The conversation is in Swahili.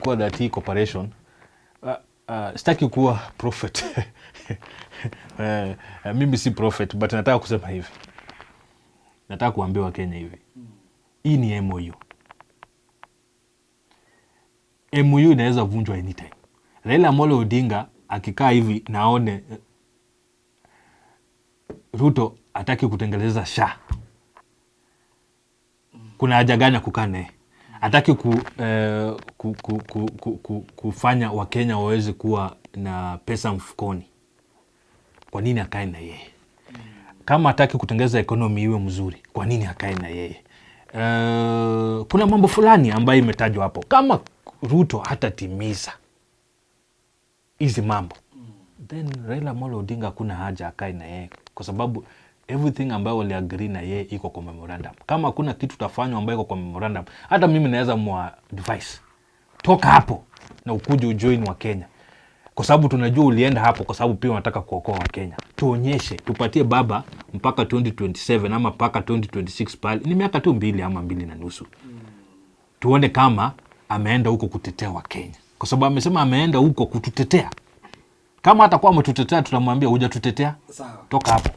Kuwa that hii corporation uh, uh, sitaki kuwa prophet uh, uh, mimi si prophet but nataka kusema hivi, nataka kuambia Wakenya hivi, hii ni MOU. MOU inaweza vunjwa anytime. Raila mole Odinga akikaa hivi naone uh, Ruto ataki kutengeleza sha, kuna haja gani ya kukaa naye? hataki ku, eh, ku, ku, ku, ku, ku, kufanya Wakenya waweze kuwa na pesa mfukoni. Kwa nini akae na yeye? Kama hataki kutengeza ekonomi iwe mzuri, kwa nini akae na yeye? Uh, kuna mambo fulani ambayo imetajwa hapo. Kama Ruto hatatimiza hizi mambo, then Raila Amolo Odinga hakuna haja akae na yeye, kwa sababu everything ambayo waliagree na yeye iko kwa memorandum. Kama hakuna kitu utafanywa ambayo iko kwa memorandum, hata mimi naweza mwa advice toka hapo na ukuje ujoin wa Kenya, kwa sababu tunajua ulienda hapo kwa sababu pia unataka kuokoa wa Kenya. Tuonyeshe, tupatie baba mpaka 2027 ama mpaka 2026 pale, ni miaka tu mbili ama mbili na nusu, tuone kama ameenda huko kutetea wa Kenya, kwa sababu amesema ameenda huko kututetea. Kama atakuwa ametutetea, tunamwambia hujatutetea, toka hapo.